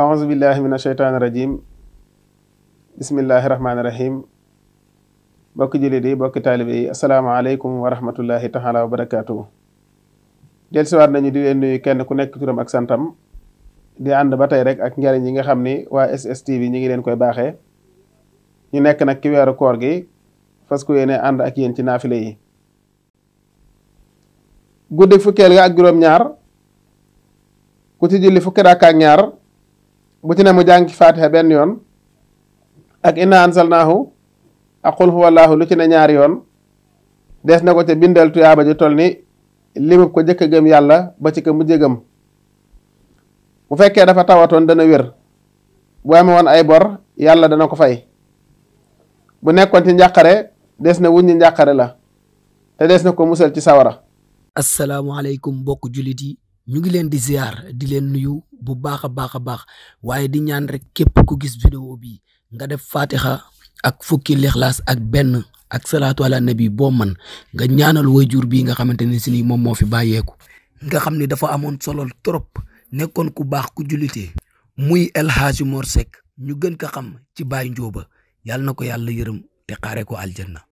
aouzu billahi min asheytaani rajim bismillahi rahmaani rahim bokki jullit yi bokki taalibe yi asalaamaaleykum wa rahmatullahi taala wa barakaatu. del siwaat nañu di leen nuyu kenn ku nekk turam ak santam di ànd ba tey rek ak njariñ yi nga xam ni waa SSTV ñi ngi leen koy baaxe ñu nekk nag ki weeru koor gi fas ku yéene ànd ak yéen ci naafile yi guddi fukkeel ga ak juróom-ñaar ku ci julli fukki rakka ak ñaar bu ci ne mu jàng ci faatiha benn yoon ak inna ansalnaahu ak qul huwallaahu lu ci ne ñaari yoon des na ko ca bindal tuyaaba ji toll ni limub ko jëkk a gëm yàlla ba ci ko mujj gëm bu fekkee dafa tawatoon dana wér bu amee woon ay bor yàlla dana ko fay bu nekkoon ci njàqare des na wuñ ñi njàqare la te des na ko musal ci sawara asalaamaaleykum mbokk jullit yi ñu ngi leen di ziar di leen nuyu bu baax a baax a baax waaye di ñaan rek képp ku gis vidéo bi nga def fatiha ak fukki lixlaas ak benn ak salaatu ala nabi boo man nga ñaanal wayjur bii nga xamante ne si nii moom moo fi bàyyeeku nga xam ni dafa amoon solo trop nekkoon ku baax ku julite muy El Hadji Mor Seck ñu gën ko xam ci Baye Njóoba yàlla na ko yàlla yërëm te xaare ko aljanna